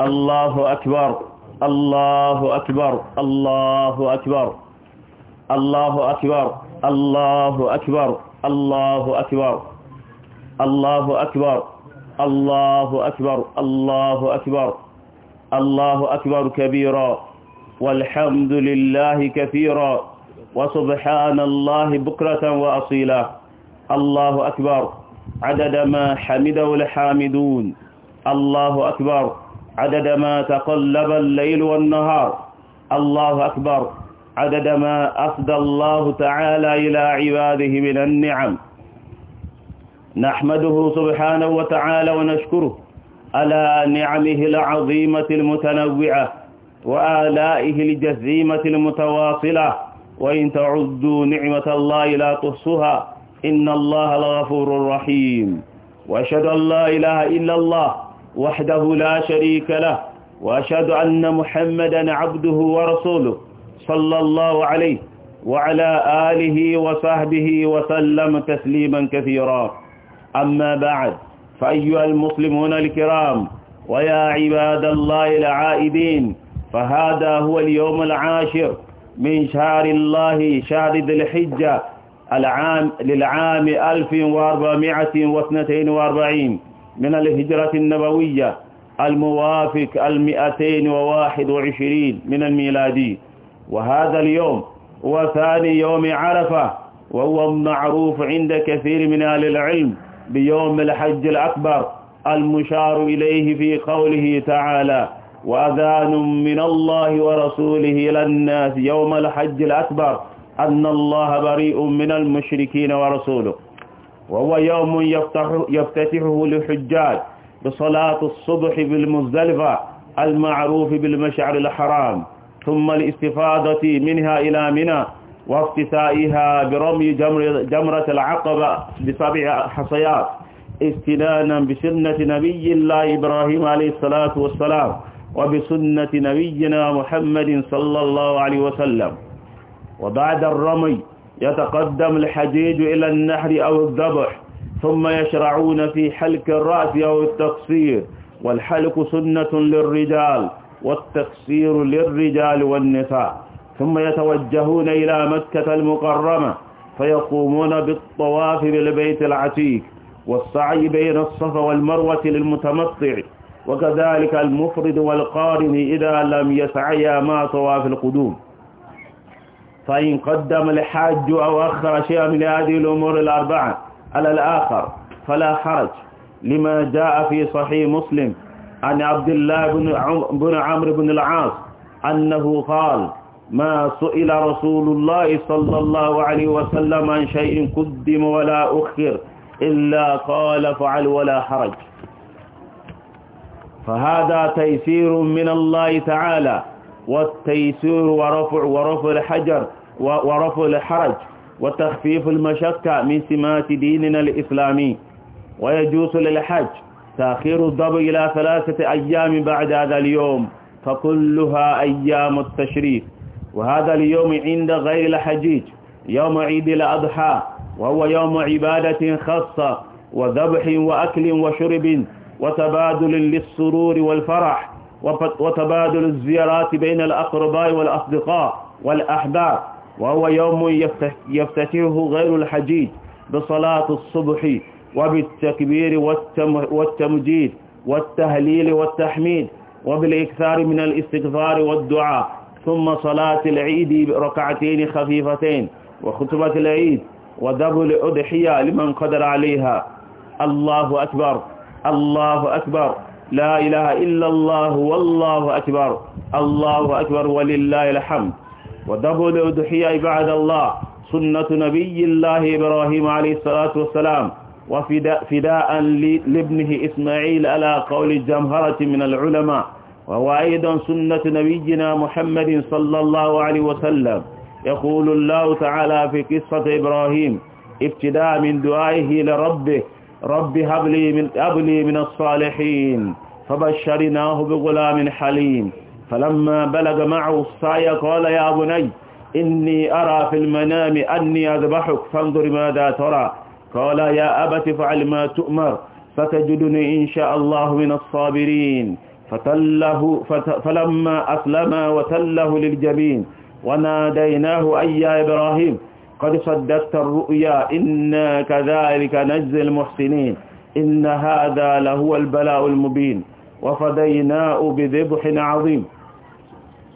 الله أكبر الله أكبر الله أكبر الله أكبر الله أكبر الله أكبر الله أكبر الله أكبر الله أكبر الله أكبر كبيرا والحمد لله كثيرا وسبحان الله بكرة وأصيلا الله أكبر عدد ما حمده الحامدون الله أكبر عدد ما تقلب الليل والنهار الله أكبر عدد ما أفدى الله تعالى إلى عباده من النعم نحمده سبحانه وتعالى ونشكره على نعمه العظيمة المتنوعة وآلائه الجزيمة المتواصلة وإن تعدوا نعمة الله لا تحصها إن الله لغفور رحيم وأشهد أن لا إله إلا الله وحده لا شريك له وأشهد أن محمدا عبده ورسوله صلى الله عليه وعلى آله وصحبه وسلم تسليما كثيرا أما بعد فأيها المسلمون الكرام ويا عباد الله العائدين فهذا هو اليوم العاشر من شهر الله شهر ذي الحجة العام للعام 1442 من الهجرة النبوية الموافق المئتين وواحد وعشرين من الميلادي وهذا اليوم هو ثاني يوم عرفة وهو معروف عند كثير من أهل العلم بيوم الحج الأكبر المشار إليه في قوله تعالى وأذان من الله ورسوله إلى الناس يوم الحج الأكبر أن الله بريء من المشركين ورسوله وهو يوم يفتح يفتتحه للحجاج بصلاة الصبح بالمزدلفة المعروف بالمشعر الحرام ثم الاستفادة منها إلى منى وافتتائها برمي جمر جمرة العقبة بسبع حصيات استنانا بسنة نبي الله إبراهيم عليه الصلاة والسلام وبسنة نبينا محمد صلى الله عليه وسلم وبعد الرمي يتقدم الحجيج إلى النحر أو الذبح ثم يشرعون في حلق الرأس أو التقصير والحلق سنة للرجال والتقصير للرجال والنساء ثم يتوجهون إلى مكة المكرمة فيقومون بالطواف بالبيت العتيق والسعي بين الصفا والمروة للمتمطع وكذلك المفرد والقارن إذا لم يسعيا ما طواف القدوم فإن قدم الحاج أو أخر شيئا من هذه الأمور الأربعة على الآخر فلا حرج لما جاء في صحيح مسلم عن عبد الله بن بن عمرو بن العاص أنه قال ما سئل رسول الله صلى الله عليه وسلم عن شيء قدم ولا أخر إلا قال فعل ولا حرج فهذا تيسير من الله تعالى والتيسير ورفع ورفع الحجر ورفع الحرج وتخفيف المشقة من سمات ديننا الإسلامي ويجوز للحج تأخير الضب إلى ثلاثة أيام بعد هذا اليوم فكلها أيام التشريف وهذا اليوم عند غير الحجيج يوم عيد الأضحى وهو يوم عبادة خاصة وذبح وأكل وشرب وتبادل للسرور والفرح وتبادل الزيارات بين الأقرباء والأصدقاء والأحباب وهو يوم يفتتحه غير الحجيج بصلاة الصبح وبالتكبير والتمجيد والتهليل والتحميد وبالإكثار من الاستغفار والدعاء ثم صلاة العيد ركعتين خفيفتين وخطبة العيد ودبل الأضحية لمن قدر عليها الله أكبر الله أكبر لا إله إلا الله والله أكبر الله أكبر ولله الحمد ودبل أدحية عباد الله سنة نبي الله إبراهيم عليه الصلاة والسلام وفداء فداء لابنه إسماعيل على قول الجمهرة من العلماء وهو أيضا سنة نبينا محمد صلى الله عليه وسلم يقول الله تعالى في قصة إبراهيم ابتداء من دعائه لربه رب هب لي من, هب لي من الصالحين فبشرناه بغلام حليم فلما بلغ معه السعي قال يا بني إني أرى في المنام أني أذبحك فانظر ماذا ترى قال يا أبت فعل ما تؤمر فتجدني إن شاء الله من الصابرين فتله فلما أسلما وتله للجبين وناديناه أي يا إبراهيم قد صدقت الرؤيا إنا كذلك نجزي المحسنين إن هذا لهو البلاء المبين وفديناه بذبح عظيم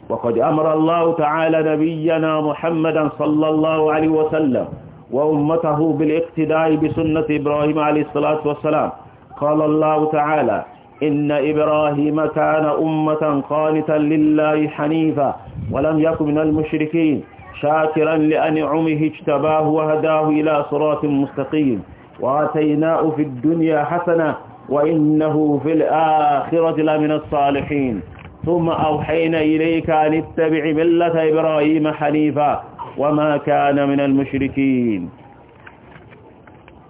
وقد أمر الله تعالى نبينا محمدا صلى الله عليه وسلم وأمته بالاقتداء بسنة إبراهيم عليه الصلاة والسلام قال الله تعالى إن إبراهيم كان أمة قانتا لله حنيفا ولم يكن من المشركين شاكرا لأنعمه اجتباه وهداه إلى صراط مستقيم وآتيناه في الدنيا حسنة وإنه في الآخرة لمن الصالحين ثم أوحينا إليك أن اتبع ملة إبراهيم حنيفا وما كان من المشركين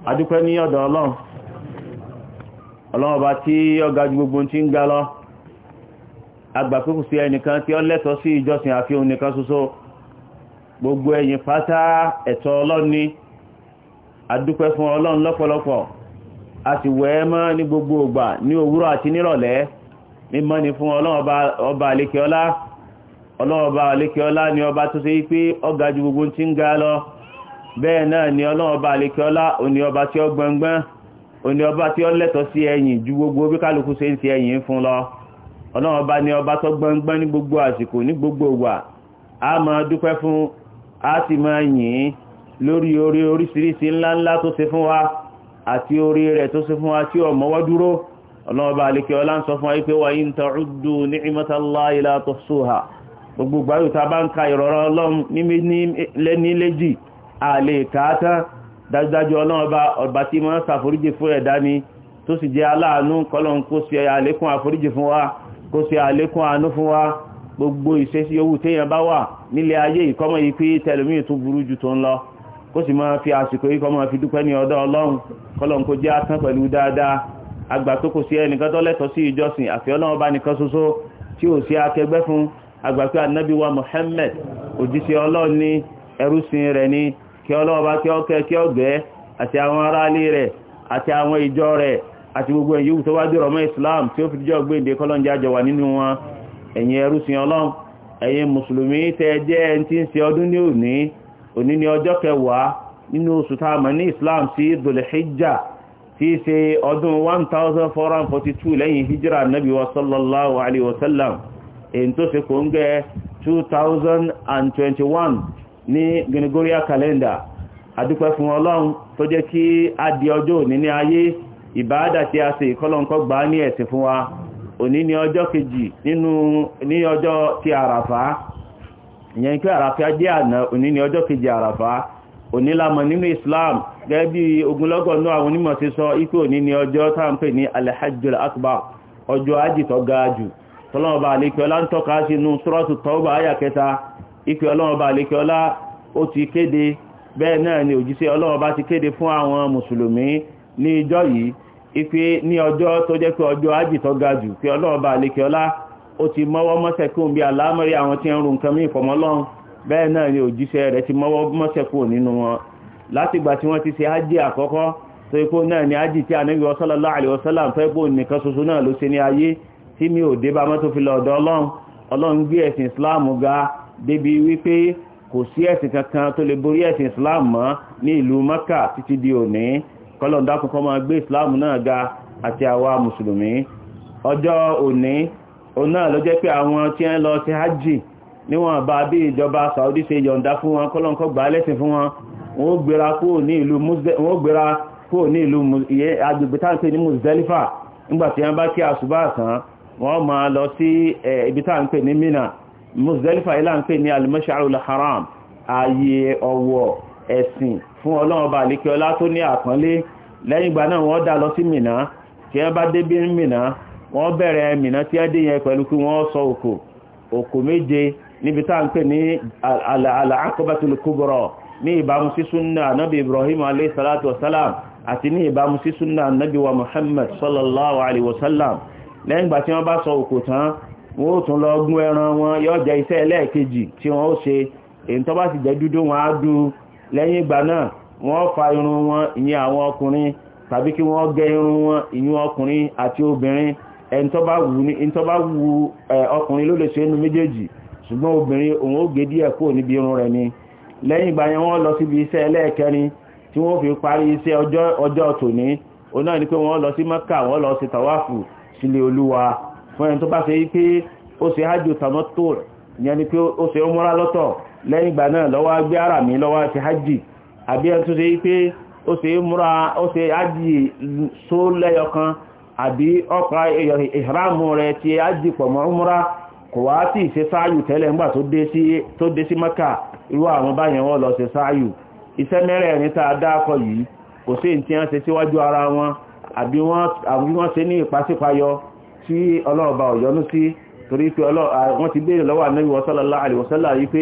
أدوك أن ọ̀dọ̀ الله الله ọba tí ọ̀gá ju أكبر tí ń ga lọ agbàkókù sí ẹnìkan tí ó gbogbo ẹ̀yìn fata ẹ̀tọ́ ọlọ́ni fún ọlọ́run lọ́pọ̀lọpọ̀ a ti mọ́ ní gbogbo ògbà ní òwúrọ̀ àti nírọ̀lẹ́ mímọ́ ni fún ọlọ́run ọba àlékeọlá ọlọ́run ọba àlékeọlá ni ọba tó ṣe pé ọba tí ó sí ju gbogbo bí ń ti ẹ̀yìn fún lọ ni ọba tó ní gbogbo àsìkò ní gbogbo ògbà a máa a sì máa yìn lórí orí oríṣiríṣi ńláńlá tó ṣe fún wa àti orí rẹ̀ tó ṣe fún wa tí ọmọ wá dúró ọlọ́ọ̀bá alikẹ́ ọlá ń sọ fún wípé wa in ta'uddu ni'matallahi la tuhsuha gbogbo gbáyòta bá ń ka ìrọ̀rọ̀ ọlọ́run ní léjì àlè kàátán dájúdájú ọlọ́ọ̀bá ọba tí ma ń ṣàforíjì fún ẹ̀dá ni tó sì jẹ́ aláàánú kọlọ́n kó wa kó ṣe àlékún gbogbo ìṣesí owó téèyàn bá wà nílé ayé ìkọ́mọ̀ yìí pé tẹlẹmíì tún burú ju tó ń lọ kó sì máa fi àsìkò yìí kọ́ máa fi dúpẹ́ ní ọ̀dọ̀ ọlọ́run kọ́lọ́n kó jẹ́ àtàn pẹ̀lú dáadáa àgbà tó kò sí ẹnìkan tó lẹ́tọ̀ọ́ sí ìjọsìn àfi ọlọ́run bá nìkan ṣoṣo tí ò sí akẹgbẹ́ fún àgbà pé ànábì wa Muhammad òjíṣẹ́ ọlọ́run ní ẹrúsìn rẹ̀ ní kí ọlọ́run bá kí ọkẹ́ kí ọgbẹ́ àti àwọn aráalé rẹ̀ àti àwọn ìjọ rẹ̀ àti gbogbo ẹ̀yìn yòówù tó Islam tí ó fi jọ́ gbé ìdè kọ́lọ́njá jọ wà nínú wọn ẹ̀yin ẹrúsìn ọlọ́run ẹ̀yin mùsùlùmí tẹ́ jẹ́ ẹni tí ń ṣe ọdún ní òní òní ní ọjọ́ kẹwàá nínú oṣù tá a mọ̀ ní islam sí dùlẹ̀híjà tí í ọdún 1442 lẹ́yìn hijira nabi wa sallallahu alaihi wasallam, sallam èyí tó ṣe kòńgẹ́ 2021 ní Gregoria calendar adúpẹ́ fún ọlọ́run tó jẹ́ kí a di ọjọ́ òní ní ayé ìbáadà tí a ṣe ìkọlọ́nkọ́ gbà ní ẹ̀sìn fún wa òní ni ọjọ́ kejì nínú ní ọjọ́ ti àràfá ìyẹn pé àràfá jẹ́ àná òní ni ọjọ́ kejì àràfá òní lámọ̀ nínú Islam gẹ́gẹ́ bí ogunlọ́gọ̀ náà àwọn onímọ̀ ti sọ ipò òní ni ọjọ́ tá à ń pè ní alhajjul akbar ọjọ́ ajì tó ga jù tọ́lọ́mọba àlekíọ́lá ń tọ́ka sínú suratu tọ́ọ̀bà àyà ni òjíṣẹ́ ipe ní ọjọ́ tó jẹ́ pé ọjọ́ ájì tó ga jù pé ọlọ́ọ̀bà àlekè ọlá ó ti mọ́wọ́ mọ́sẹ̀ kó bí aláàmọ́rí àwọn tí ń run nǹkan mí ìfọ̀mọ́lọ́run bẹ́ẹ̀ náà ni òjíṣẹ́ rẹ̀ ti mọ́wọ́ mọ́sẹ̀ nínú wọn látìgbà tí wọ́n ti ṣe ájì àkọ́kọ́ tó ikú náà ni ájì tí Ànábì sallallahu alaihi wasallam tó ikú nìkan ṣoṣo náà ló ṣe ní ayé tí mi ò dé bá mọ́ tó fi lọ ọ̀dọ̀ ọlọ́run ọlọ́run gbé ẹ̀sìn islam ga débi kọ́lọ̀ dákùnkọ́ máa gbé islam náà ga àti àwa mùsùlùmí ọjọ́ òní òun náà ló jẹ́ pé àwọn tí ń lọ sí hajj níwọ̀n bá bí ìjọba saudi ṣe yọ̀ǹda fún wọn kọ́lọ̀ kọ́ gbà lẹ́sìn fún wọn wọ́n gbéra kúrò ní ìlú agbègbè táǹpé ní muzdalifa nígbàtí wọ́n bá kí àṣùbà sàn wọ́n máa lọ sí ibi táǹpé ní mina muzdalifa ilá ń pè ní al haram ààyè ọ̀wọ̀ ẹ̀sìn fún ọlọ́run ọba àlékẹ́ ọlá tó ní àpọ́nlé lẹ́yìn ìgbà náà wọ́n dá lọ sí mìnà tí ẹ bá débí mìnà wọ́n bẹ̀rẹ̀ mìnà tí ẹ dé yẹn pẹ̀lú kí wọ́n sọ òkò òkò méje níbi tá à ń pè ní al-Aqabatul Kubra ní ìbámu sí súnà anábì Ibrahim alayhi salatu wasalam àti ní ìbámu sí súnà anábì wa Muhammad sallallahu alayhi wasallam lẹ́yìn ìgbà tí wọ́n bá sọ òkò tán wọ́n ó tún lọ gún ẹran wọn yóò jẹ́ iṣẹ́ ẹlẹ́ẹ̀kejì tí wọ́n ó ṣe èyí tó bá sì jẹ́ dúdú wọn á dú lẹ́yìn ìgbà náà wọ́n fa irun wọn ìyẹn àwọn ọkùnrin tàbí kí wọ́n gẹ irun wọn ìyẹn ọkùnrin àti obìnrin ẹni tó bá wù ọkùnrin ló lè ṣe inú méjèèjì ṣùgbọ́n obìnrin òun ó gé díẹ̀ kúrò níbi irun rẹ̀ ni lẹ́yìn ìgbà yẹn wọ́n lọ síbi iṣẹ́ ẹlẹ́ẹ̀kẹrin tí wọ́n fi parí iṣẹ́ ọjọ́ tòní òun náà ni pé wọ́n lọ sí Mẹ́kà wọ́n lọ sí tàwáfù sílé olúwa fún ẹni tó bá ṣe pé ó ṣe hájò tàmọ́tò yẹn ni pé ó ṣe ó múra lọ́tọ̀ lẹ́yìn ìgbà náà lọ́wọ́ gbé ara mi lọ́wọ́ ṣe hajji àbí ẹni tó ṣe pé ó ṣe múra ó ṣe hajji só lẹ́yọkan àbí ọ̀pá ìhàrámù rẹ̀ ti hajji pọ̀ mọ́ múra kò wá sí ìṣe sáàyù tẹ́lẹ̀ ńgbà tó dé sí mẹ́kà irú àwọn báyẹn wọ́n lọ ṣe sáàyù iṣẹ́ mẹ́rẹ̀ẹ̀rin tá a dákọ̀ yìí kò sí ìtí wọ́n ṣe síwájú ara wọn àbí wọ́n ṣe ní tí ọlọ́ọ̀bà ọ̀yọ́nú sí torí pé wọ́n ti béèrè lọ́wọ́ ànábì sallallahu alaihi wasallam pé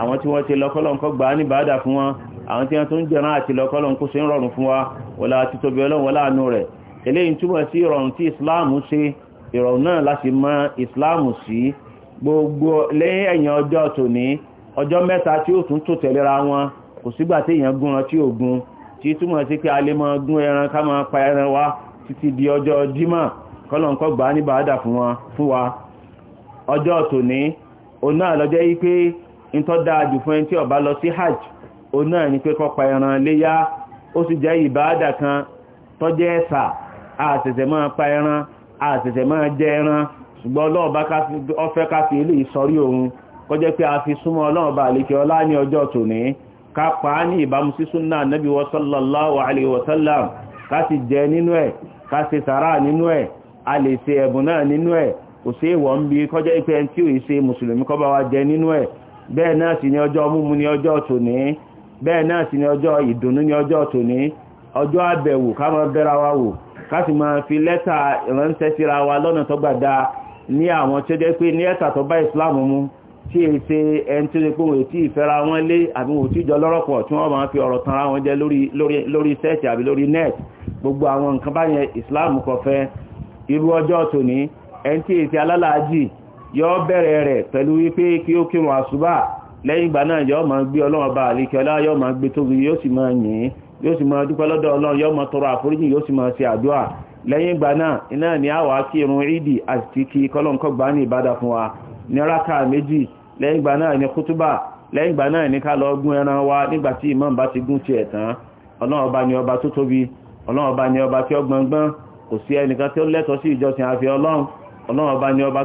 àwọn tí wọ́n ti lọ kọ́lọ̀ nǹkan gbà ní bàádà fún wọn àwọn tí wọ́n tún jẹran àti lọ kọ́lọ̀ nǹkan ṣe ń rọrùn fún wa wọlá àti tóbi ọlọ́run wọlá àánú rẹ̀ eléyìí túmọ̀ sí ìrọ̀rùn tí islam ṣe ìrọ̀rùn náà láti mọ islam sí gbogbo lẹ́yìn ẹ̀yìn ọjọ́ tòní ọjọ́ mẹ́ta tí ó tún tò tẹ̀léra wọn kò sígbà tí èèyàn gún ran tí gbà ní bàádà fún wa ọjọ́ tòní òun náà lọ́jọ́ yí pé ìtọ́ dáájú fún ẹni tí ó bá lọ sí hajj o náà ni pé kọpa ẹran léyá ó sì jẹ́ kan ẹ̀sà máa pa ẹran àṣẹ̀ṣẹ̀ máa jẹ ẹran ṣùgbọ́n ọlọ́ọ̀bá ọfẹ́ ká fi ilé ìsọrí òun pé a fi súnmọ́ ọlọ́ọ̀bá àlekẹ́ ọlá ní ọjọ́ tòní ká pa á ní ìbámu sí súnà nábì ka a bẹ́ẹ̀ náà sì ni ọjọ́ múmu ni ọjọ́ tòní bẹ́ẹ̀ náà sì ni ọjọ́ ìdùnnú ni ọjọ́ tòní ọjọ́ àbẹ̀wò ká máa bẹ́ra wa wò ká sì máa fi lẹ́tà ránṣẹ́ síra wa lọ́nà tó gbàdá ní àwọn tí ó jẹ́ pé ní ẹ̀tà tó bá Islam mu tí è ṣe ẹni tí ó pé wọ́n ti ìfẹ́ra wọn lé àbí wọ́n ti jọ lọ́rọ̀pọ̀ tí wọ́n máa fi ọ̀rọ̀ tanra wọn jẹ lórí sẹ́ẹ̀tì àbí lórí net gbogbo àwọn nǹkan báyẹn Islam kò fẹ́ irú ọjọ́ tòní ẹni tí è ṣe alálàájì yọ bẹ̀rẹ̀ rẹ̀ pẹ̀lú wípé kí ó kírun àṣùbà lẹ́yìn ìgbà náà yọ ma gbé ọlọ́run bá àlékẹ́lá yọ gbé tóbi yóò sì máa yìn yóò sì máa dúpẹ́ lọ́dọ̀ ọlọ́run yọ tọrọ àforíjì yóò sì máa ṣe náà iná ni a irun ìdì àti kí ní ìbádà méjì lẹ́yìn ìgbà náà ni kútúbà lẹ́yìn ìgbà náà ni ká lọ gún ẹran wa nígbà tí imam bá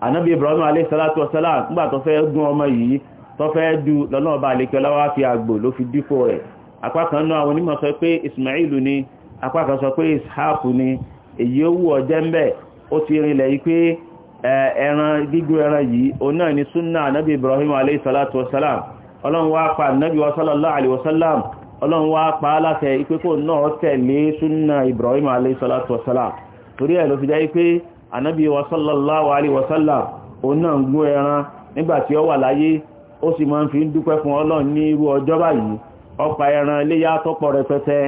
ànábì ibrahim aleyhisalatu wasalam nígbà tó fẹ́ gún ọmọ yìí tó fẹ́ du lọ́nà ọba àlekẹ́ ọlọ́wà fi àgbò ló fi dípò rẹ̀ apá kan náà àwọn onímọ̀ sọ pé ismail ni apá kan sọ pé ishaq ni èyí ó wù ọ jẹ́ ńbẹ̀ ó ti rinlẹ̀ yìí pé ẹran gígùn ẹran yìí òun náà ni sunna ànábì ibrahim aleyhisalatu wasalam ọlọ́run wá pa ànábì wasallallahu alayhi wasalam anábí wa sallallahu alaihi wasallam òun náà ń gún ẹran nígbàtí ó wà láyé ó sì máa ń fi ń dúpẹ́ fún ọlọ́run ní irú ọjọ́ báyìí ó pa ẹran iléyá tọ́pọ̀ rẹpẹtẹ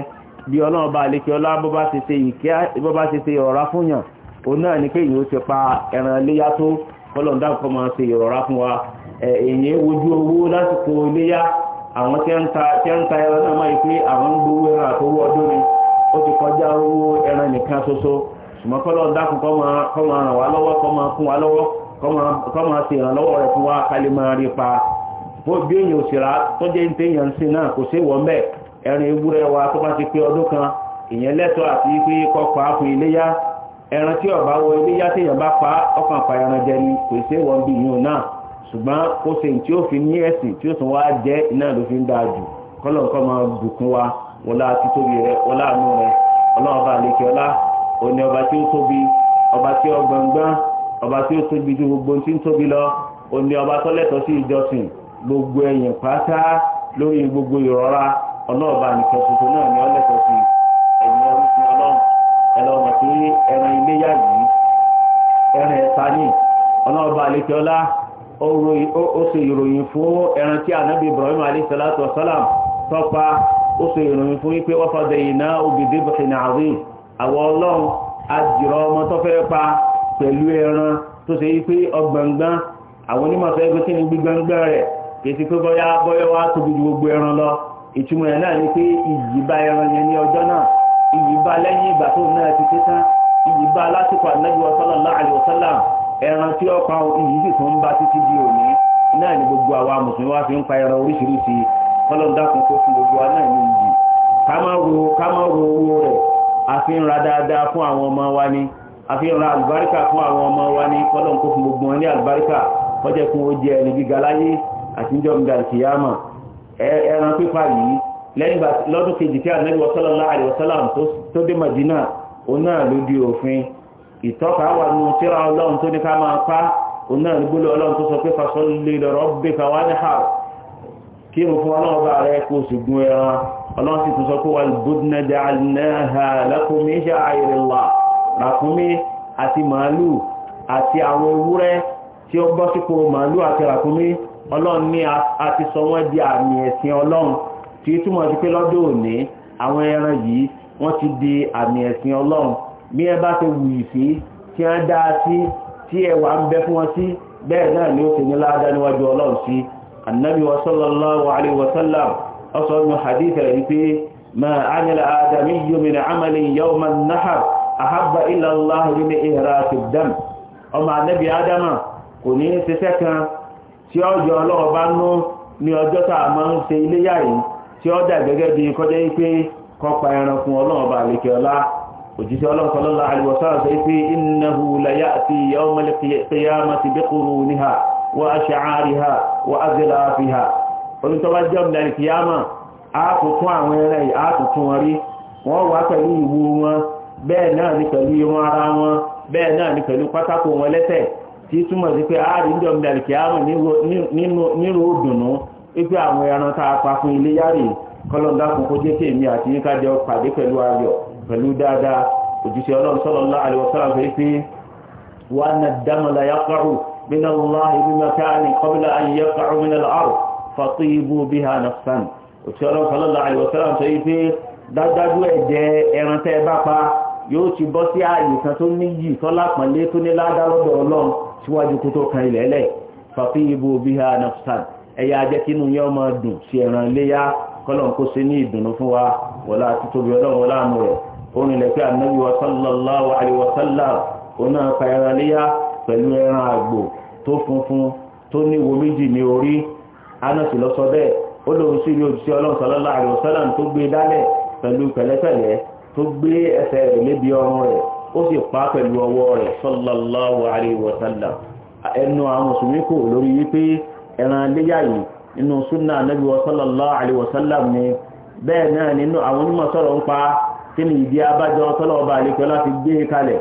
bí ọlọ́run bá lékè ọlá bó bá ṣe ṣe ìkẹ́ bó bá ṣe ṣe ìrọ̀rá fún yàn òun náà ni pé yóò ti pa ẹran iléyá tó kọ́lọ̀ dákọ̀ máa ṣe ìrọ̀rá fún wa èyí wojú owó lásìkò iléyá àwọn tí ń ta ẹran náà máa ń pé àwọn ń gbowó ẹran àtọwọ́ ọdún ni ó ti kọjá owó ẹran nìkan ṣoṣo ṣùgbọ́n kọ́lọ́ dákun kọ́ máa ràn wá lọ́wọ́ kọ́ máa fún wa lọ́wọ́ kọ́ máa ṣe ìrànlọ́wọ́ rẹ̀ fún wa kálí máa rí pa bó bí èèyàn òṣèrà tó jẹ́ ní náà kò sí wọ́n ẹran ewúrẹ́ wa tó bá ti pé ọdún kan ìyẹn àti pé iléyá ẹran ọba iléyá bá pa ọkàn jẹ ni kò sí wọ́n bí náà ṣùgbọ́n tí ó fi ní ẹ̀sìn tí ó tún wá jẹ́ iná ló fi ń òní ọba tí ó tóbi ọba tí ó gbọ̀ngbọ́n ọba tí ó tóbi ju gbogbo tí ń tóbi lọ òní ọba tó lẹ́tọ̀ọ́ sí ìjọsìn gbogbo ẹ̀yìn pátá lórí gbogbo ìrora ọlọ́ọ̀ba nìkan tuntun náà ni ọlẹ́tọ̀ọ́ sí ẹ̀yìn ọlọ́sìn ọlọ́run ẹlọ́mọ tí ẹran iléyà yìí ẹran ẹ̀ta ní ọlọ́ọ̀ba àlekẹ́ọ́lá ó ṣe ìròyìn fún ẹran tí ànábì Ibrahim alayhisalatu wasalam tọ́pa ó ṣe ìròyìn fún wípé wọ́n fọdẹ̀ ìná obìdí bìtìnà àríyìn awo ọlọ́run a ọmọ tó fẹ́ pa pẹ̀lú ẹran tó ṣe wípé ọgbọ̀ngbọ́n àwọn onímọ̀ sọ ẹgbẹ́ kí ni gbígbọ́ngbọ́n rẹ̀ kìí pé bọ́yá bọ́yá wá tóbi ju gbogbo ẹran lọ ìtumọ̀ ẹ̀ náà ni pé ìyíba ẹran yẹn ní ọjọ́ náà lẹ́yìn ìgbà tó náà ti ká a fi ń ra dáadáa fún àwọn ọmọ wa ni a fi ń ra àlùbáríkà fún àwọn ọmọ wa ni kọ́lọ̀ kó fún gbogbo wọn ní àlùbáríkà kọjẹ́ kún ó jẹ ẹni gíga láyé àti ìjọ ìdàkìyàmà ẹran pípa yìí lẹ́yìn lọ́dún kejì tí ànábì sallallahu alaihi wasallam tó dé Madina òun náà ló di òfin ìtọ́ka wà nù tíra ọlọ́run tó ní ká máa pa òun náà ló gbólé ọlọ́run tó sọ pé fasọ́lé lọ́rọ́ bẹ́ẹ̀ ká wá ní hàrù kírun fún ọlọ́ọ̀bá rẹ kó sì gún ẹran ọlọ́run sì tún sọ pé wà lùbùdínàdà aláha lákùnmí ṣe àìrìnlá ràkúnmí àti màálù àti àwọn ewúrẹ́ tí ó bọ́ sípò màálù àti ràkúnmí ọlọ́run ní àti sọ wọ́n di àmì ẹ̀sìn ọlọ́run tí ó túmọ̀ sí pé lọ́dọ̀ òní àwọn annabi wa sallallahu alaihi wa sallam ọsọ ní hadith rẹ̀ wípé ma amila adamiyyu min amalin yawman nahar ahabba illa allah min ihraqi dam ọmọ annabi adama kò ní ṣiṣẹ́ kan tí ó jọ ọlọ́rọ̀ bá nú ní ọjọ́ tá a máa ń ṣe iléyà yìí tí ó dà gẹ́gẹ́ bí kọjá yìí pé kọ́pa ẹran fún ọlọ́run ọba àlekè ọlá òjíṣẹ́ ọlọ́run sallallahu alaihi wa sallam sọ innahu la ya'ti yawmal qiyamati biquruniha wa aṣàárìhà wa azẹ́láàfihà onítọ́wájọ́ ìdàríkìyàmà àtútún àwọn ẹran yìí àtútún wọn rí wọ́n wá pẹ̀lú ìwo wọn bẹ́ẹ̀ náà ni pẹ̀lú irun ara wọn bẹ́ẹ̀ náà ni pẹ̀lú pátákó wọn lẹ́sẹ̀ tí túmọ̀ sí pé àárín jọ ìdàríkìyàmà nírò òdùnnú wípé àwọn ẹran tá a pa fún ilé yárì kọlọ́ndà fún sallallahu alaihi wasallam wa من الله بمكان قبل أن يقع من الأرض فطيبوا بها نفسا òṣèrè sallallahu alaihi wasallam sọ pé dájúdájú ẹ̀jẹ̀ ẹran tẹ́ bá pa yóò ti bọ́ sí ààyè kan tó níyì tọ́lá pọ̀lé tó ní ládàlọ́dọ̀ ọlọ́run síwájú kó tó kan ilẹ̀ lẹ̀ fatibu biha nafsan ẹ̀yà ajẹ́kínú yẹn máa dùn sí ẹran léyà kọ́lọ̀ kó ṣe ní ìdùnnú fún wa wọlá títóbi ọlọ́run wọlá àánú rẹ̀ ó rìnlẹ̀ pé ànábì wa sallallahu alaihi wasallam òun náà pa ẹran léyà pẹ̀lú ẹran àgbò tó funfun tó níwo méjì ní orí anọ́sì lọ sọ bẹ́ẹ̀ ó lóun sí ní òjíṣẹ́ ọlọ́run sallallahu alaihi wasallam tó gbé dálẹ̀ pẹ̀lú pẹ̀lẹ́pẹ̀lẹ́ tó gbé ẹsẹ̀ rẹ̀ lébi ọrùn rẹ̀ ó sì pa pẹ̀lú ọwọ́ rẹ̀ sallallahu alaihi wasallam ẹnu àwọn mùsùlùmí kò lórí wípé ẹran léyà yìí nínú súnà anábì sallallahu alaihi wasallam ni bẹ́ẹ̀ náà nínú àwọn onímọ̀ sọ̀rọ̀ ń pa kí ni ìdí abájọ sọ́lọ́ ọba àlekọ́ láti gbé e kalẹ̀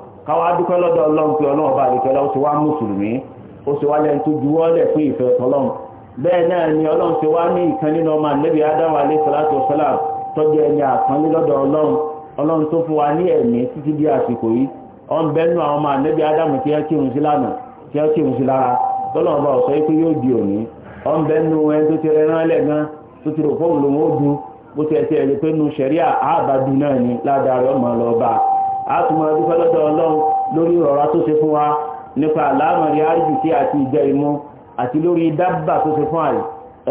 kawadukwa dúpẹ́ lọ́dọ̀ ọlọ́run pé ọlọ́run bá àdìpẹ́ lọ́wọ́ ti wá mùsùlùmí ó ti wá lẹ́ni tó juwọ́lẹ̀ fún ìfẹ́ ọlọ́run bẹ́ẹ̀ náà ni ọlọ́run ti wá ní ìkan nínú ọmọ salam tọ́jú ẹni àpọ́nlé lọ́dọ̀ ọlọ́run ọlọ́run tó fún wa ní ẹ̀mí títí di àsìkò yìí ọ̀n bẹ́nu àwọn ọmọ ànábì ádámù àtúmọ̀ dúpẹ́ lọ́dọ̀ ọlọ́run lórí ọ̀rọ̀ tó ṣe fún wa nípa àlámọ̀rí àríjìkí àti ìjẹ ìmú àti lórí dábà tó ṣe fún àyè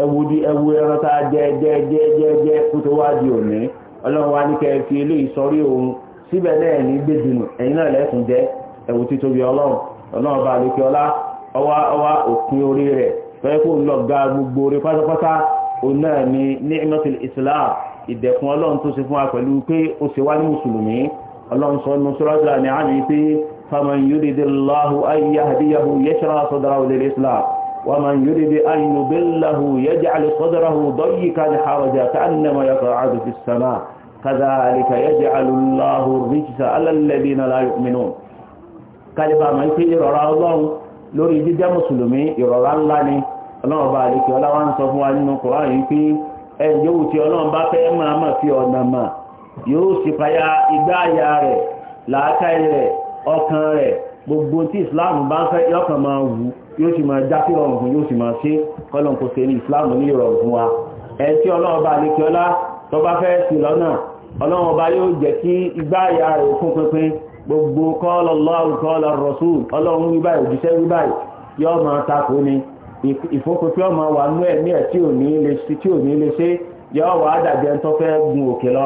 ẹwu di ẹwu ẹran tá a jẹ jẹ jẹ jẹ jẹ kó tó wá di òní ọlọ́run wa ní kẹ́ ẹ fi eléyìí sọrí òun síbẹ̀ náà ní gbèdùnú ẹ̀yin náà lẹ́kùn jẹ́ ẹwu títóbi ọlọ́run ọlọ́run bá lókè ọlá ọwá ọwá òpin orí rẹ̀ fẹ́ kó lọ ga gbogbo orí ìdẹ̀kùn ọlọ́run tó ṣe fún wa pẹ̀lú pé ó ṣe wá ní mùsùlùmí ọlọ́run sọ ní sọ́rọ́dà ní àmì pé faman yuridillahu an yahdiyahu yashra sadrahu lil islam wa man yurid an yudillahu yaj'al sadrahu dayyikan haraja ka'annama yaq'adu fis sama kadhalika yaj'alu Allahu ar-rijsa 'ala alladhina la yu'minun kálíbà máa ń pé ìrọ̀rá ọlọ́run lórí jíjẹ́ mùsùlùmí ìrọ̀rá ńlá ni ọlọ́run bá àlekè ọlá wa ń sọ fún wa nínú kùrán yìí pé ẹ̀yìn yòówù tí ọlọ́run bá fẹ́ máa máa fi ọ̀nà máa yóò sì payá igbá àyà rẹ̀ làákàyè rẹ̀ ọkàn rẹ̀ gbogbo tí islam bá ń fẹ́ yọkàn máa wù yóò sì máa já sí rọrùn fún yóò sì máa ṣe kọ́lọ̀ kò ṣe ní islam ní ìrọ̀rùn fún wa ẹ̀ tí ọlọ́run bá lè kí ọlá tó bá fẹ́ sí lọ́nà ọlọ́run ọba yóò jẹ́ kí igbá àyà rẹ̀ fún pínpín gbogbo kọ́ọ̀lọ̀ lọ́rùn kọ́ọ̀lọ̀ rọ̀sùn ọlọ́run wí báyìí òjíṣẹ́ wí báyìí yóò máa takò ni ìfọ́kùnfẹ́ ọmọ wà ní ẹ̀mí ẹ̀ tí ò ní lè ṣe yóò wà á dàbí ẹni tó òkè lọ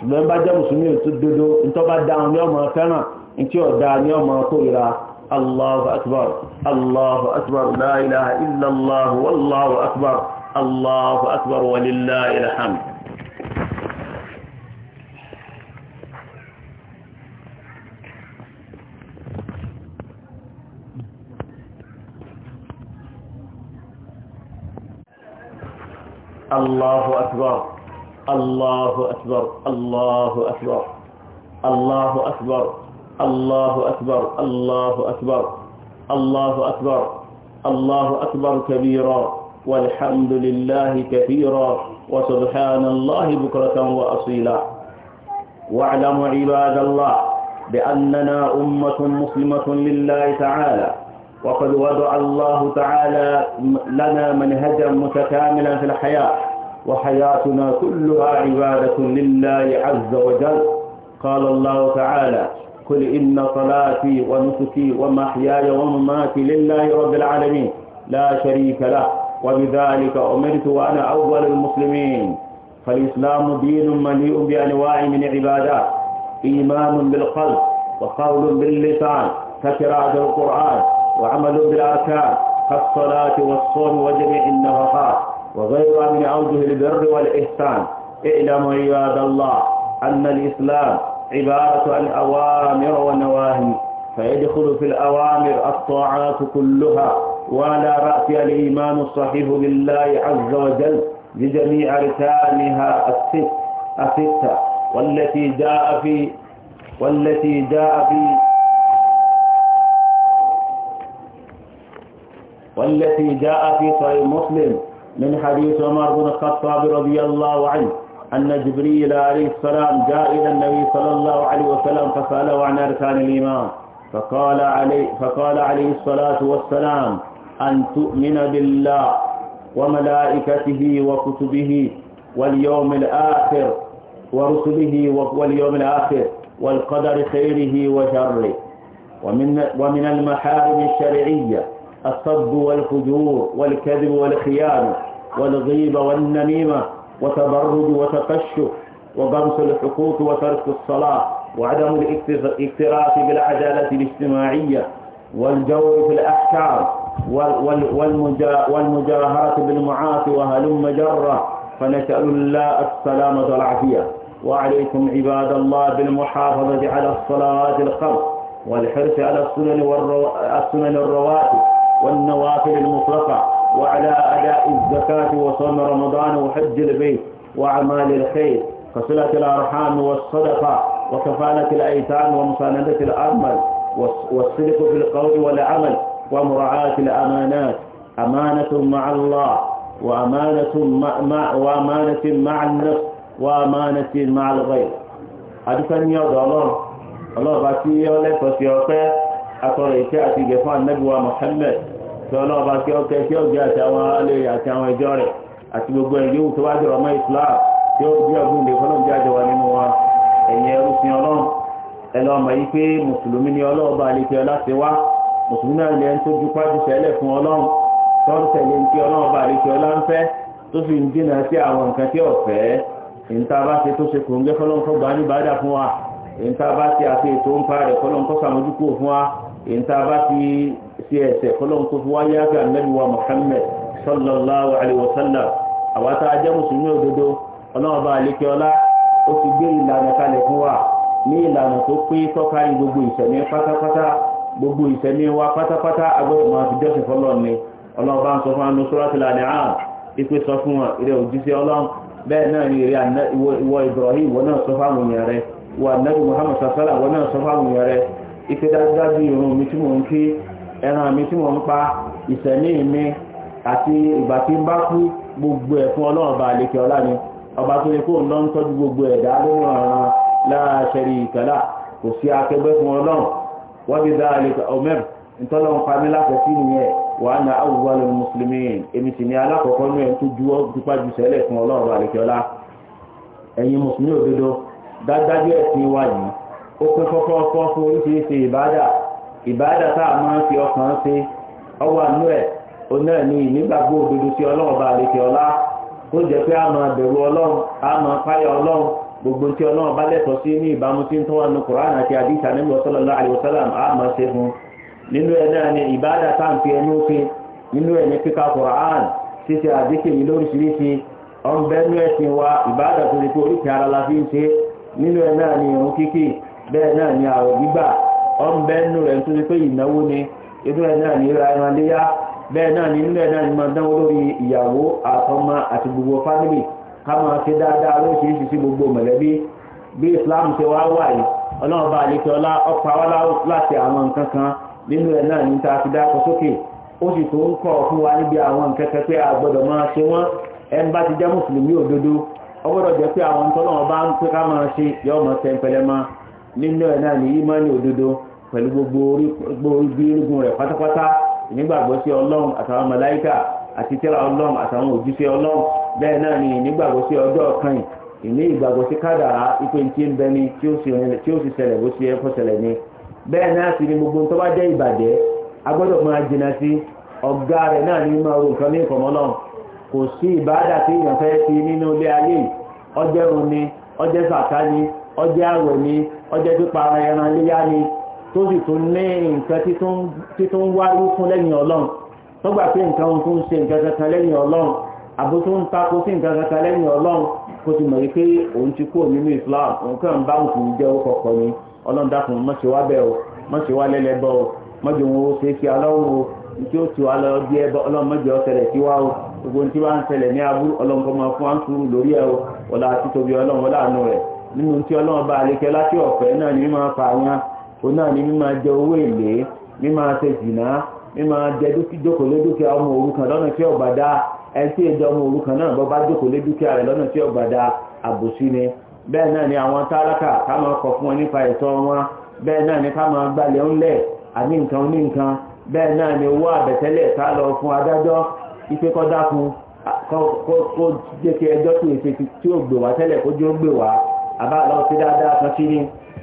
ṣùgbọ́n bá jẹ́ mùsùlùmí tó dodo ntọ́ bá dáhùn ní ọmọ fẹ́ràn ntí dáa ní ọmọ kórìíra allahu akbar allahu akbar la ilaha illa allah akbar allahu akbar walillahi alhamd الله أكبر الله أكبر الله أكبر الله أكبر الله أكبر الله أكبر الله أكبر الله أكبر كبيرا والحمد لله كثيرا وسبحان الله بكرة وأصيلا واعلموا عباد الله بأننا أمة مسلمة لله تعالى وقد وضع الله تعالى لنا منهجا متكاملا في الحياة وحياتنا كلها عبادة لله عز وجل قال الله تعالى قل إن صلاتي ونسكي ومحياي ومماتي لله رب العالمين لا شريك له وبذلك أمرت وأنا أول المسلمين فالإسلام دين مليء بأنواع من عبادات إيمان بالقلب وقول باللسان كقراءة القرآن وعمل بالأركان كالصلاة والصوم وجميع النفقات وغيرها من أوجه البر والإحسان اعلموا عباد الله أن الإسلام عبارة عن أوامر ونواهي فيدخل في الأوامر الطاعات كلها وعلى رأس الإيمان الصحيح بالله عز وجل بجميع أركانها الست الستة والتي جاء في والتي جاء في والتي جاء في صحيح مسلم من حديث عمر بن الخطاب رضي الله عنه أن جبريل عليه السلام جاء إلى النبي صلى الله عليه وسلم فسأله عن أركان الإيمان فقال عليه, فقال عليه الصلاة والسلام أن تؤمن بالله وملائكته وكتبه واليوم الآخر ورسله واليوم الآخر والقدر خيره وشره ومن, ومن المحارم الشرعية الصب والفجور والكذب والخيانة والغيبة والنميمة وتبرج وتقشف وبمس الحقوق وترك الصلاة وعدم الاكتراث بالعدالة الاجتماعية والجور في الأحكام والمجاهرة بالمعاصي وهلم جرة فنسأل الله السلامة والعافية وعليكم عباد الله بالمحافظة على الصلوات الخمس والحرص على السنن, السنن الرواتب والنوافل المطلقة وعلى أداء الزكاة وصوم رمضان وحج البيت وأعمال الخير كصلة الأرحام والصدقة وكفالة الأيتام ومساندة الأرمل والصدق في القول والعمل ومراعاة الأمانات أمانة مع الله وأمانة مع, مع وأمانة مع النفس وأمانة مع الغير. أدفن يا الله الله باتي يا لك atọ́rọ̀ ìkẹ́ àti ìgẹ̀ fún anábíwá Muhammad tí ọlọ́run bá kí ọkẹ́ kí ọgbẹ́ àti àwọn alẹ́ àti àwọn ẹjọ́ rẹ̀ àti gbogbo ẹ̀yìn yóò tó bá jọrọ̀ ọmọ Islam tí ó bí ọdún lè fọlọ́n jáde wà nínú wa ẹ̀yìn ẹrú sin ọlọ́run ẹlọ́ ọmọ yìí pé mùsùlùmí ni ọlọ́run bá lè fi ọlá ti wá mùsùlùmí náà lè ń tójú pájú sẹ́lẹ̀ fún ọlọ́run tọ́rù ń tí ọlọ́run bá ìntàbá ti sí ẹsẹ̀ kọ́lọ́n kó fi wáyé àgbà nẹ́bí wa Muhammad sallallahu alaihi wasallam àwọn tá a jẹ́ mùsùlùmí òdodo ọlọ́ọ̀bá àlékè ọlá ó ti gbé ìlànà kalẹ̀ fún wa ní ìlànà tó pé tọ́kárí gbogbo ìṣẹ̀mí pátápátá gbogbo ìṣẹ̀mí wa pátápátá agbẹ́sùn máa fi jọ́sìn fọlọ́ ni ọlọ́ọ̀bá ń sọ fún anú suratul An'am ìpè sọ fún wọn ìrẹ òjíṣẹ́ ọlọ́run bẹ́ẹ̀ náà ni ìrẹ ìwọ Ibrahim wọn náà sọ fáwọn èèyàn rẹ ìwọ anabi wọn náà sọ fáwọn ife dájúdájú irun mi tí mò ń ké ẹran mi tí mò ń pa ìsẹ̀mí mi àti ìgbà tí ń bá kú gbogbo ẹ̀ fún ọlọ́run bá àlekè ọlá ni ọba tó lè kó ń lọ ń tọ́jú gbogbo ẹ̀dá lórí ọ̀ràn láàṣẹrí ìkàlà kò sí akẹgbẹ́ fún ọlọ́run wọ́n ti dá àlekè ọmẹ́rù ntọ́lọ́run pa mí láṣẹ sí nìyẹn wà á na awùwálẹ̀ mùsùlùmí èmi sì ni alákọ̀ọ́kọ́ ní ẹ̀ tó juwọ́ dupá ju sẹ́lẹ̀ fún ọlọ́run bá àlekè ó pín fọ́fọ́fọ́ fún oríṣiríṣi ìbádà ìbádà tá a máa ń fi ọkàn ṣe ọwọ́ àánú ẹ̀ oná ẹ̀ ní ìnígbàgbọ́ òdodo sí ọlọ́run bá lè fi ọlá tó jẹ́ pé a máa bẹ̀rù ọlọ́run a máa páyà ọlọ́run gbogbo tí ọlọ́run bá lẹ́tọ̀ọ́ sí ní ìbámu tí ń tọ́wọ́ nu àti àdìsá nínú a máa ṣe fún nínú ẹ̀ náà ni ìbádà tá à ń fi ẹnu nínú ẹ̀ ní ṣíṣe yìí lóríṣiríṣi ọ̀nbẹ́nu ẹ̀sìn bẹ́ẹ̀ náà ni àwẹ̀ gbígbà ọ̀nbẹ́ nù rẹ̀ tó ti pé ìnáwó ni inú ẹ̀ náà ní ra ẹran léyà bẹ́ẹ̀ náà ní inú ẹ̀ náà máa dánwó lórí ìyàwó àtọmọ àti gbogbo fámìlì ká máa ṣe dáadáa lóṣìṣì sí gbogbo mọ̀lẹ́bí bí Islam ṣe wá wà yìí ọlọ́run bá àlejò ọlá ọ̀pá wá láti àwọn nǹkan ní ta fi dákọ sókè ó kọ́ fún wa níbi àwọn nǹkan kan pé máa ṣe wọ́n bá ti jẹ́ mùsùlùmí òdodo nínú ẹ̀ náà ní ìmánì òdodo pẹ̀lú gbogbo orígun rẹ̀ pátápátá ìnígbàgbọ́ sí ọlọ́run àtàwọn màláíkà àti tírà ọlọ́run àtàwọn òjíṣẹ́ ọlọ́run bẹ́ẹ̀ náà ní ìnígbàgbọ́ sí ọjọ́ kan ìní ìgbàgbọ́ sí tí ń tí ó sì bó ṣe ẹ̀fọ́ ni bẹ́ẹ̀ náà sì ni gbogbo tó bá jẹ́ ìbàjẹ́ máa sí ọ̀gá rẹ̀ náà ní máa ní náà kò sí ìbáàdà ọjọ́ pípa ẹran léyá ni tó sì tún ní nǹkan tí tó ń wáyé fún lẹ́yìn ọlọ́run tó gbà pé nǹkan ohun tó ń ṣe nǹkan kankan lẹ́yìn ọlọ́run àbó tó ń takò sí nǹkan kankan lẹ́yìn ọlọ́run kó ti mọ̀ wípé òun ti kúrò nínú Islam òun kàn bá òun jẹ́ ọkọ̀ ọkọ̀ ni ọlọ́run dákun má ṣe wá bẹ́ẹ̀ o má ṣe wá lẹ́lẹ́bọ̀ o má jẹ́ òun ó ṣe é ṣe ọlọ́run o tí ó ti wá lọ bí ẹbọ ọlọ́run má jẹ́ ẹ nínú tí ọlọ́run bá àlekẹ́ láti ọ̀fẹ́ náà ní máa fa àwọn òun náà ní máa jẹ owó èlé ní máa ṣe jìnnà ní máa jẹ jókòó lé dúkìá ọmọ òrukàn lọ́nà tí ọ̀gbà dá ẹni tí ọmọ òrukàn náà bọ́ bá jókòó lé dúkìá rẹ̀ lọ́nà tí ọ̀gbà dá àbòsí ni bẹ́ẹ̀ náà ni àwọn tálákà ká máa fún wọn nípa ẹ̀tọ́ wọn bẹ́ẹ̀ náà ni ká máa gbalẹ̀ ńlẹ̀ àbí nǹkan ní ni owó àbẹ̀tẹ́lẹ̀ ká lọ fún ipe kọ́ dákun kó jẹ́ kí ẹjọ́ tó èsè tí ó gbè wá àbá lọ sí dáadáa kan sí ní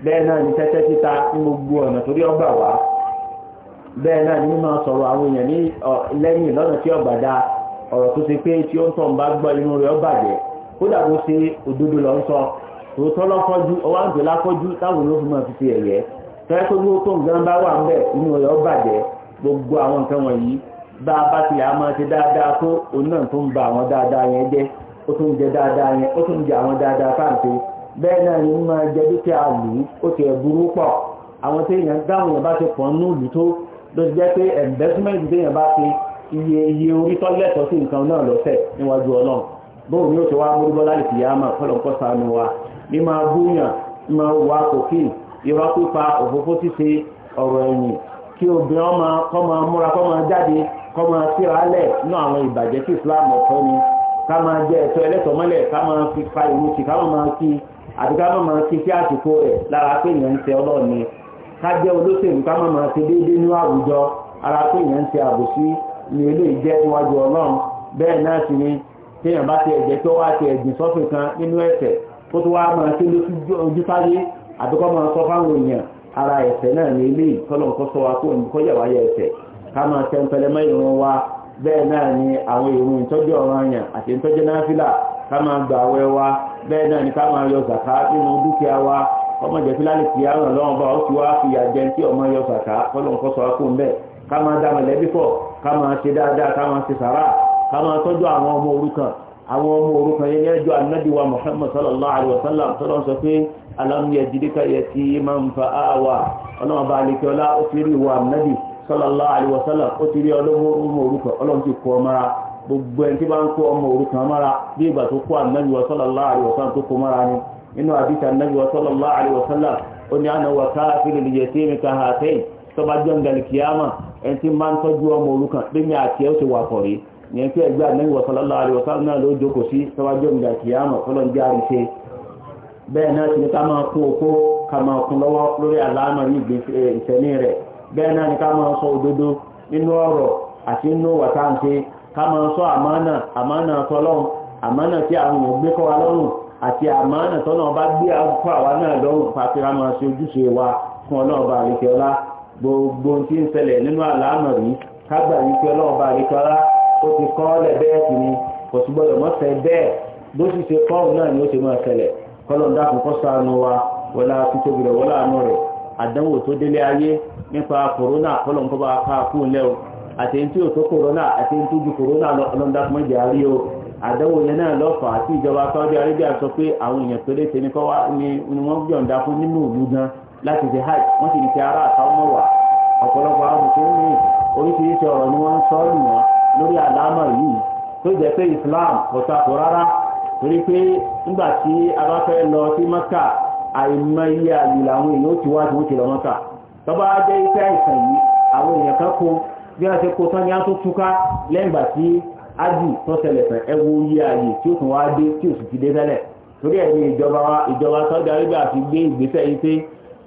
bẹ́ẹ̀ náà ní tẹ́tẹ́ títa ní gbogbo ọ̀nà torí ọgbà wá bẹ́ẹ̀ náà ní mímọ̀ sọ̀rọ̀ àwọn èèyàn ní lẹ́yìn lọ́nà tí ọgbà dá ọ̀rọ̀ tó ṣe pé tí ó ń tọ̀ ń bá gbọ́ inú rẹ̀ ó bàjẹ́ kódà bó ṣe òdodo lọ ń sọ òótọ́ lọ́fọ́jú ọwọ́ àgbẹ̀ láfọ́jú táwọn olóòfù máa fi ṣe ẹ̀yẹ tẹ́lẹ̀ tó ní ó tó nǹkan bá wà ń bẹ̀ inú rẹ̀ tún jẹ dáadáa yẹn ó tún jẹ àwọn dáadáa fáǹfẹ́ bẹ́ẹ̀ náà ní máa jẹ dúkìá lù ú ó ti ẹ̀bùrú pọ̀ àwọn tí èèyàn dáhùn yẹn bá ti pọ̀ nínú ìlú tó ló ti jẹ́ pé ẹ̀ǹdẹ́símẹ́ǹtì tí èèyàn bá ti iye iye orí tọ́lẹ̀tọ̀ sí nǹkan náà lọ́sẹ̀ níwájú ọlọ́run bóun ni ó ti wá múlùbọ́ láì fi yá máa fọlọ́ nǹkan sànù wa ní máa búyàn ní máa wà kòkì irọ́ pípa òfófó ṣíṣe ọ̀rọ̀ ẹ̀yìn kí obìnrin ọmọ kọ́ máa múra kọ́ máa jáde kọ́ máa síra lẹ̀ nínú àwọn ìbàjẹ́ tí Islam ọ̀tọ̀ ni ká máa jẹ ẹ̀tọ́ ẹlẹ́tọ̀ọ́ mọ́lẹ̀ ká máa fi fa ìlú ti ká máa fi àti ká má máa ṣe sí àsìkò rẹ̀ lára pé èèyàn ń ṣe ọlọ́run ni ká jẹ́ olóṣèlú ká má máa ṣe déédéé ní àwùjọ ara pé èèyàn ń ṣe àbòsí ni eléyìí jẹ́ níwájú ọlọ́run bẹ́ẹ̀ náà sì ni téèyàn bá ti ẹ̀jẹ̀ tó wá ti ẹ̀jìn sọ́fìn kan nínú ẹ̀ṣẹ̀ kó tó wá máa ṣe lójú sáyé àti máa sọ fáwọn èèyàn ara ẹ̀ṣẹ̀ náà ni eléyìí tọ́lọ̀ nǹkan sọ wa kó nǹkan yà wáyà ẹ̀ṣẹ̀ ni àwọn ìrún ìtọ́jú ọ̀ranyàn àti ìtọ́jú náfìlà ká máa wa bẹ́ẹ̀ náà ní ká máa yọ zàká nínú dúkìá wa ọmọ jẹ́ fílálì kì í àrùn lọ́wọ́ bá ó ti wá fi àjẹ tí ọmọ yọ zàká kọ́lọ́nkọ́ sọ akó mbẹ́ ká máa dá mọ̀lẹ́bí pọ̀ ká máa ṣe dáadáa ká máa ṣe sàrà ká máa tọ́jú àwọn ọmọ òrukàn àwọn ọmọ òrukàn yẹn yẹn jọ anabi wa sallallahu alayhi wa sallam sọlọ́n sọ pé alam yajidika yatiman fa awa ọlọ́run bá alẹ́kẹ́ ọlá ó ti rí ìwọ anabi sallallahu alayhi wa sallam ó ti rí ọlọ́run ọmọ òrukàn ọlọ́run ti kọ́ ọ gbogbo ẹni tí bá ń kó ọmọ òrukàn mọ́ra bí ìgbà tó kó ànábì wa sallallahu alaihi wa sallam tó kó mọ́ra ni inú àdìsí ànábì wa sallallahu alaihi wa sallam ó ní àná wà káfíìnì lè yẹ sí mi ká hà tẹ́yìn tó bá jọ ń dàlì kìámà ẹni tí máa ń tọ́jú ọmọ òrukàn bí mi àti ẹ̀ ó ti wà pọ̀ rí ní ẹgbẹ́ ànábì wa sallallahu náà ló jókòó sí tó bá jọ ń dàlì kìámà bẹ́ẹ̀ náà sì ni máa kó okó ká máa lọ́wọ́ lórí àlámà yìí ká máa amana, àmánà àmánà tọ́lọ́run àmánà tí àwọn èèyàn gbé kọ́ wa lọ́rùn àti àmánà tọ́nà ọba gbé àkókò àwa náà lọ́rùn pàtẹ́ra máa ṣe ojúṣe wa fún ọlọ́ọ̀ba àríkẹ́ ọlá gbogbo tí ń ṣẹlẹ̀ nínú àlámọ̀ rí kágbà wípé ọlọ́ọ̀ba àríkẹ́ ọlá ó ti kọ́ ọ́lẹ̀ bẹ́ẹ̀ sí ni kò sì gbọ́dọ̀ mọ́ fẹ́ bẹ́ẹ̀ bó sì ṣe kọ́ọ̀hún náà ni ó ṣe máa ṣẹlẹ̀ kọ́lọ̀ ń dákun kọ́ sànù wa wọlá títóbi rẹ̀ wọlá àánú rẹ̀ àdánwò tó délé ayé nípa kòrónà kọ́lọ̀ ń kọ́ bá a ká o àtẹ̀ntí ò tó kòrónà àtẹ̀ntí ojú kòrónà lọ́ndàkùnmọ́jì àárí o àdánwò yẹn náà lọ́fà àti ìjọba sọ pé àwọn èèyàn ni wọ́n fún nínú gan láti ṣe ara àtàwọn wà ọ̀pọ̀lọpọ̀ àwọn oríṣiríṣi ọ̀rọ̀ ni wọ́n ń sọ lù wọ́n lórí yìí tó jẹ́ Islam kò rárá torí pé nígbà tí a bá fẹ́ lọ sí Mẹ́kà àìmọye àlù làwọn èèyàn ó ti wá tí wọ́n ti lọ tọ́ba jẹ́ iṣẹ́ àìsàn yìí àwọn èèyàn kan kó bí wọ́n ṣe kó tán ni a tó túká lẹ́yìn ìgbà tí ájì tó ṣẹlẹ̀ tán ẹ wo iye ààyè tí ó tún wá dé tí ó sì ti dé tẹ́lẹ̀ torí ẹ̀ ìjọba wa ìjọba Saudi Arabia fi gbé ìgbésẹ̀ yìí pé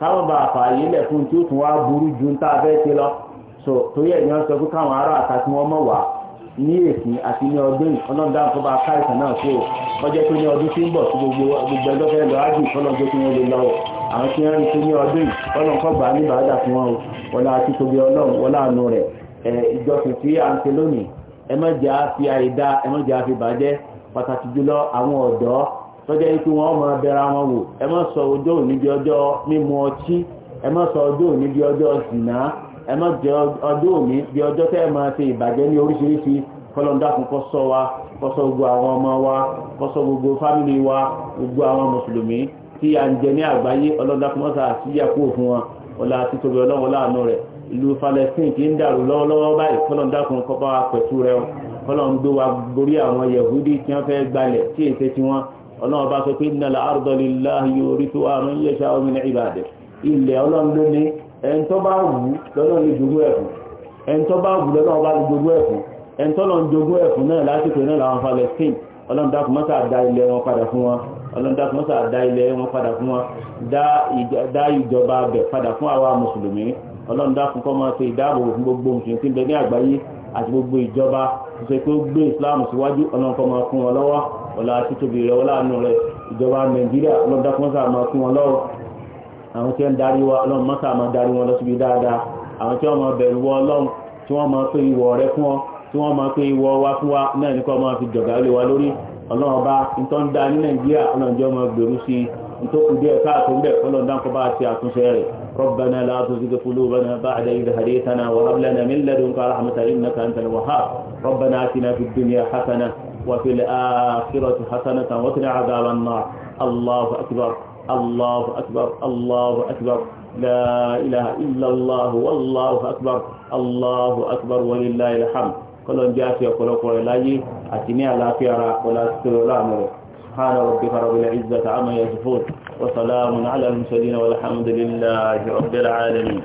káwọn bá àfààyè lẹ̀ fún tí ó tún wá burú ju ń tá a fẹ́ ṣe lọ so torí ẹ̀ ní wọ́n sọ pé káwọn ará àta tí wọ́n mọ̀ wá ní èsì àti ní ọdún ọlọ́dà tó bá ká ìtàn náà ṣe o kọjá pé ní ọdún tí ń bọ̀ sí gbogbo gbogbo ẹjọ́ fẹ́ lọ ájì kọ́lọ́jọ́ tí wọ́n lè lọ o àwọn tí wọ́n rí sí ní ọdún yìí kọ́lọ́ńkọ́ bá ní fún wọn wọlé àti tóbi ọlọ́run wọlé àánú rẹ̀ ìjọsìn tí a ń ṣe lónìí ẹ má jẹ́ á fi àìdá ẹ má jẹ́ a fi bàjẹ́ pàtàkì jùlọ àwọn ọ̀dọ́ tọ́jẹ́ ikú wọn máa bẹ̀rẹ̀ wọn wò ẹ má sọ ọjọ́ òní di ọjọ́ mímu ọtí ẹ má sọ ọjọ́ òní di ọjọ́ zìnà ẹ má jẹ́ ọjọ́ òní di ọjọ́ tẹ́ ẹ máa ṣe ìbàjẹ́ ní oríṣiríṣi kọlọ́ndàkùn kó ṣọ́ wa kó ṣọ́ gbogbo àwọn ọmọ wa kó ṣọ́ gbogbo fámìlì wa gbogbo àwọn mùsùlùmí tí à ń jẹ ní àgbáyé ọlọ́dàkùn mọ́sà àti yàkó fún wọn ọlá àti tòbí ọlọ́wọ́ láàánú rẹ̀ ìlú falẹsìn ti ń dàrú lọ́wọ́lọ́wọ́ báyìí kọ́lọ́n dákun kọ́ bá wa pẹ̀tù rẹ o kọ́lọ́n gbé wa gorí àwọn yahudi tí wọ́n fẹ́ gbalẹ̀ tí èsè tí wọ́n ọlọ́wọ́ bá sọ pé innal arda lillahi yurithuha man yasha'u min ibadihi ilẹ̀ ọlọ́run ló ní ẹni tó bá wù lọ́lọ́run lè jogún ẹ̀fún ẹni tó bá wù lọ́lọ́run bá lè jogún ẹ̀fún ẹni ọlọ́run dákun mọ́sà dá ilẹ̀ wọn padà fún wọn ọlọ́run dákun mọ́sà dá ilẹ̀ wọn padà fún wọn dá ìjọba abẹ padà fún àwa mùsùlùmí ọlọ́run dákun kó máa ṣe ìdáàbòbò fún gbogbo mùsùlùmí tí ń bẹ ní àgbáyé àti gbogbo ìjọba tó ṣe pé ó gbé islam síwájú ọlọ́run kó máa kún wọn lọ́wọ́ ọlá títóbi rẹ̀ ọlá àánú rẹ̀ ìjọba nàìjíríà ọlọ́run dákun sáà máa kún wọn lọ́wọ́ àwọn tí wọ́n darí wa ọlọ́run mọ́sà máa darí wọn lọ síbi dáadáa àwọn tí wọ́n máa bẹ̀rù wọ ọlọ́run tí wọ́n máa pé ìwọ rẹ fún ọ tí wọ́n máa pé ìwọ wa fún wa náà ní kó máa fi jọ̀gá lé wa lórí ọlọ́run ọba nítọ́ ń da ní nàìjíríà ọlọ́run jọ máa gbèrú sí i nítòkùdí ẹ̀ká àtúndẹ̀ ọlọ́run dáńkọ́ bá ti àtúnṣe rẹ̀ ربنا لا تزغ قلوبنا بعد إذ هديتنا وهب لنا من لدنك رحمة إنك أنت الوهاب ربنا آتنا في الدنيا حسنة وفي الآخرة حسنة وقنا عذاب النار الله أكبر الله أكبر الله أكبر لا إله إلا الله والله أكبر الله أكبر ولله الحمد kọlọ́njẹ́ àti ọ̀pọ̀lọpọ̀ rẹ̀ láyé àti ní àlàáfíà ara kọlá سبحان ربك رب العزة عما يصفون وسلام على المرسلين والحمد لله رب العالمين